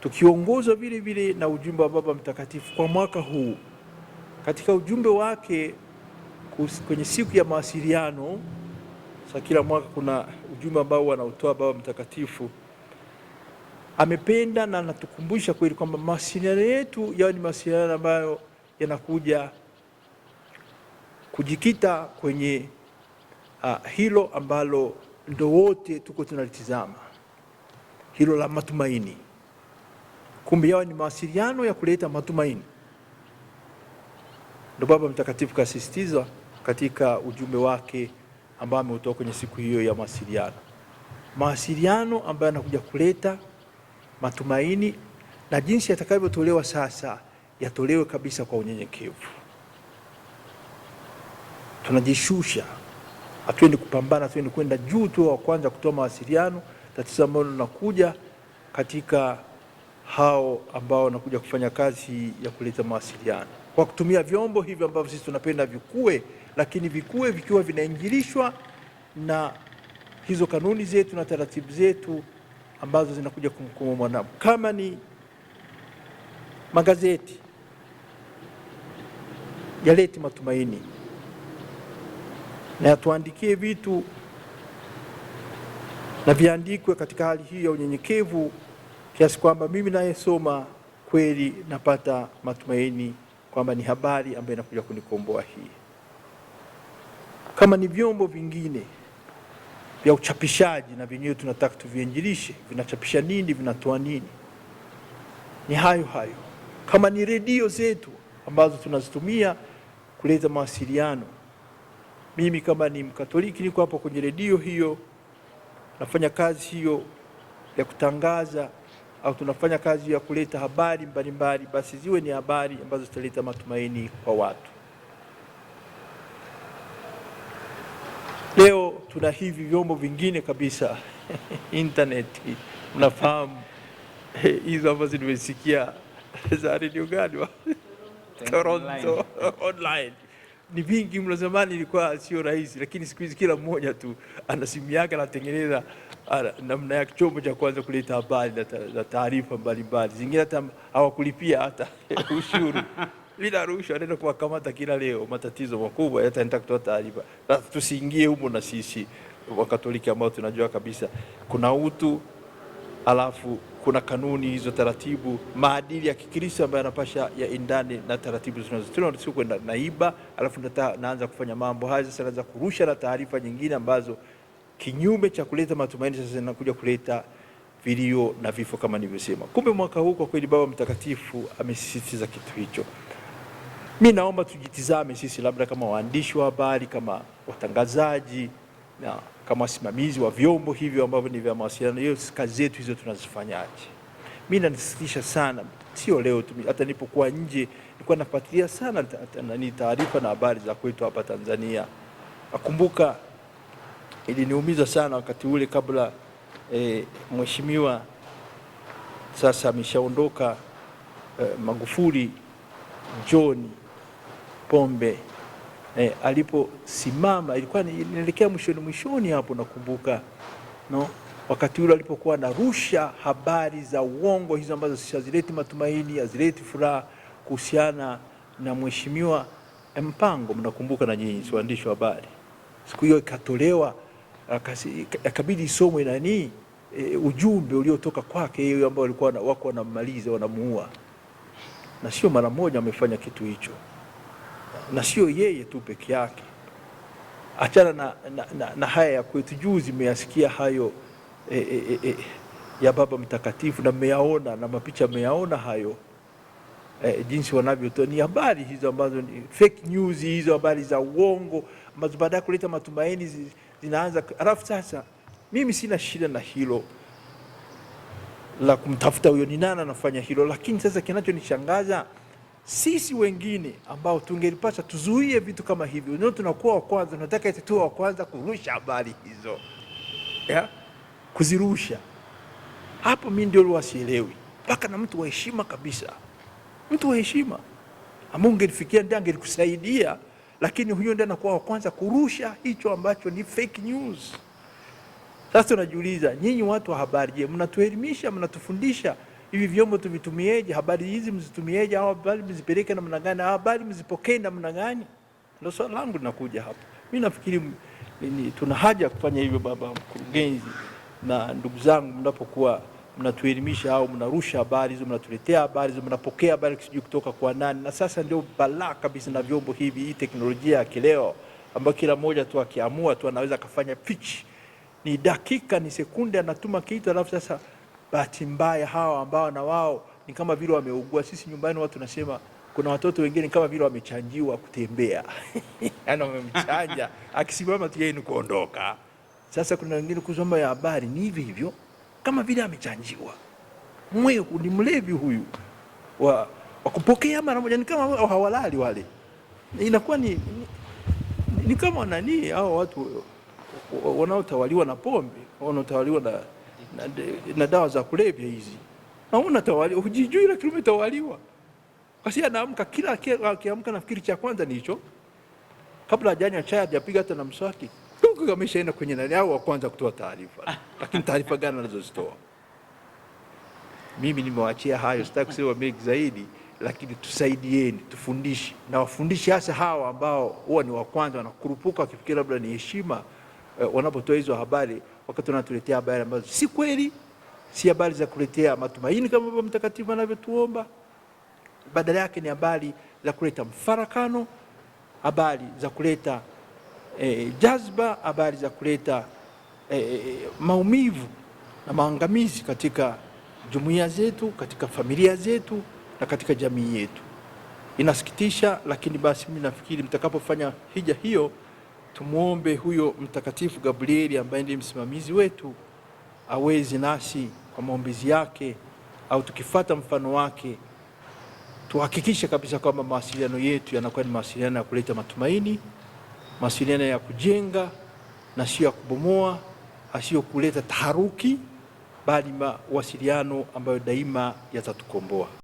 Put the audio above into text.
tukiongozwa vile vile na ujumbe wa Baba Mtakatifu kwa mwaka huu. Katika ujumbe wake kwenye siku ya mawasiliano, sasa kila mwaka kuna ujumbe ambao wanautoa Baba Mtakatifu, amependa na anatukumbusha kweli kwamba mawasiliano yetu yawe ni mawasiliano ambayo yanakuja kujikita kwenye uh, hilo ambalo ndo wote tuko tunalitizama, hilo la matumaini kumbe yao ni mawasiliano ya kuleta matumaini. Ndo Baba Mtakatifu kasisitiza katika ujumbe wake ambao ameutoa kwenye siku hiyo ya mawasiliano, mawasiliano ambayo anakuja kuleta matumaini na jinsi yatakavyotolewa sasa, yatolewe kabisa kwa unyenyekevu. Tunajishusha, hatuendi kupambana, hatuendi kwenda juu tu wa kwanza kutoa mawasiliano. Tatizo ambalo linakuja katika hao ambao wanakuja kufanya kazi ya kuleta mawasiliano kwa kutumia vyombo hivyo ambavyo sisi tunapenda vikue, lakini vikue vikiwa vinaingilishwa na hizo kanuni zetu na taratibu zetu ambazo zinakuja kumkumu mwanadamu. Kama ni magazeti yaleti matumaini na yatuandikie vitu na viandikwe katika hali hii ya unyenyekevu kiasi kwamba mimi nayesoma kweli napata matumaini kwamba ni habari ambayo inakuja kunikomboa. Hii kama ni vyombo vingine vya uchapishaji, na vyenyewe tunataka tuvienjilishe, vinachapisha nini, vinatoa nini? Ni hayo hayo. Kama ni redio zetu ambazo tunazitumia kuleta mawasiliano, mimi kama ni Mkatoliki niko hapo kwenye redio hiyo, nafanya kazi hiyo ya kutangaza au tunafanya kazi ya kuleta habari mbalimbali, basi ziwe ni habari ambazo zitaleta matumaini kwa watu. Leo tuna hivi vyombo vingine kabisa internet, mnafahamu hizo ambazo nimesikia za redio gani Toronto online ni vingi mlo. Zamani ilikuwa sio rahisi, lakini siku hizi kila mmoja tu ana simu yake, anatengeneza namna ya chombo cha kwanza kuleta habari na taarifa mbalimbali. Zingine hata hawakulipia hata ushuru bila rushwa, anaenda kuwakamata kila leo. Matatizo makubwa hata nitaka kutoa taarifa, tusiingie humo na sisi Wakatoliki ambao tunajua kabisa kuna utu alafu kuna kanuni hizo, taratibu, maadili ya Kikristo ambayo yanapasha yaendane na taratibu zinazotolewa, sio kwenda naiba alafu naanza kufanya mambo haya. Sasa naanza kurusha na taarifa nyingine ambazo kinyume cha kuleta matumaini, sasa zinakuja kuleta vilio na vifo kama nilivyosema. Kumbe mwaka huu kwa kweli Baba Mtakatifu amesisitiza kitu hicho. Mi naomba tujitizame sisi, labda kama waandishi wa habari, kama watangazaji na kama wasimamizi wa vyombo hivyo ambavyo ni vya mawasiliano, hiyo kazi zetu hizo tunazifanyaje? Mimi nanisikitisha sana, sio leo tu, hata nilipokuwa nje nilikuwa nafuatilia sana ni taarifa na habari za kwetu hapa Tanzania. Nakumbuka iliniumiza sana wakati ule kabla e, mheshimiwa sasa ameshaondoka e, Magufuli John Pombe eh, aliposimama ilikuwa inaelekea mwishoni mwishoni hapo, nakumbuka no? wakati ule alipokuwa anarusha habari za uongo hizo ambazo hazileti matumaini, hazileti furaha kuhusiana na mheshimiwa eh, Mpango, mnakumbuka na nyinyi waandishi wa habari. Siku hiyo ikatolewa, akabidi isomwe nani e, eh, ujumbe uliotoka kwake yeye ambao walikuwa wako wanamaliza wanamuua, na sio mara moja amefanya kitu hicho na sio yeye tu peke yake. Achana na, na, na, na haya ya kwetu. Juzi mmeyasikia hayo e, e, e, e, ya Baba Mtakatifu na mmeyaona na mapicha mmeyaona hayo e, jinsi wanavyotoa ni habari hizo ambazo ni fake news, hizo habari za uongo ambazo baadaye kuleta matumaini zinaanza. Alafu sasa mimi sina shida na hilo la kumtafuta huyo ni nani anafanya hilo, lakini sasa kinachonishangaza sisi wengine ambao tungelipata tuzuie vitu kama hivyo, ndio tunakuwa wa kwanza, tunataka eti tuwe wa kwanza kurusha habari hizo yeah? Kuzirusha hapo, mi ndio luwasielewi, mpaka na mtu wa heshima kabisa, mtu wa heshima ambao ungelifikia ndio angelikusaidia, lakini huyo ndio anakuwa wa kwanza kurusha hicho ambacho ni fake news. Sasa tunajiuliza, nyinyi watu wa habari, je, mnatuelimisha mnatufundisha hivi vyombo tuvitumieje? Habari hizi mzitumieje? au habari mzipeleke namna gani? au habari mzipokee namna gani? Ndio swali langu linakuja hapa. Mimi nafikiri tuna haja ya kufanya hivyo, baba mkurugenzi na ndugu zangu, mnapokuwa mnatuelimisha au mnarusha habari hizo, mnatuletea habari hizo, mnapokea habari sijui kutoka kwa nani. Na sasa ndio balaa kabisa na vyombo hivi, hii teknolojia ya kileo ambayo kila mmoja tu akiamua tu anaweza akafanya pitch, ni dakika ni sekunde, anatuma kitu alafu sasa bahati mbaya hawa ambao na wao ni kama vile wameugua. Sisi nyumbani watu tunasema kuna watoto wengine ni kama vile wamechanjiwa kutembea yaani wamemchanja akisimama tu yeye ni kuondoka. Sasa kuna wengine kusoma ya habari ni hivi hivyo, kama vile amechanjiwa. Mwehu ni mlevi huyu wa, wa kupokea mara moja, ni kama hawalali wale, inakuwa ni, ni, ni kama nani hao watu wanaotawaliwa na pombe wanaotawaliwa na na, na dawa za kulevya hizi, naona tawali hujijui, lakini umetawaliwa. Kasi anaamka kila akiamka, nafikiri cha kwanza ni hicho, kabla hajanywa chai, hajapiga hata na mswaki, tuko ameshaenda kwenye nani au wa kwanza kutoa taarifa. Lakini taarifa gani anazozitoa? Mimi nimewaachia hayo, sitaki kusema mengi zaidi, lakini tusaidieni, tufundishi na wafundishi, hasa hawa ambao huwa ni wa kwanza wanakurupuka wakifikiri labda ni heshima eh, wanapotoa hizo habari wakati wanatuletea habari ambazo si kweli, si habari za kuletea matumaini kama Baba Mtakatifu anavyotuomba. Badala yake ni habari za kuleta mfarakano, habari za kuleta eh, jazba, habari za kuleta eh, maumivu na maangamizi katika jumuiya zetu, katika familia zetu na katika jamii yetu. Inasikitisha, lakini basi mimi nafikiri mtakapofanya hija hiyo tumwombe huyo mtakatifu Gabrieli ambaye ndiye msimamizi wetu awezi nasi kwa maombezi yake au tukifata mfano wake tuhakikishe kabisa kwamba mawasiliano yetu yanakuwa ni mawasiliano ya kuleta matumaini, mawasiliano ya kujenga na sio ya kubomoa, asiyo kuleta taharuki, bali mawasiliano ambayo daima yatatukomboa.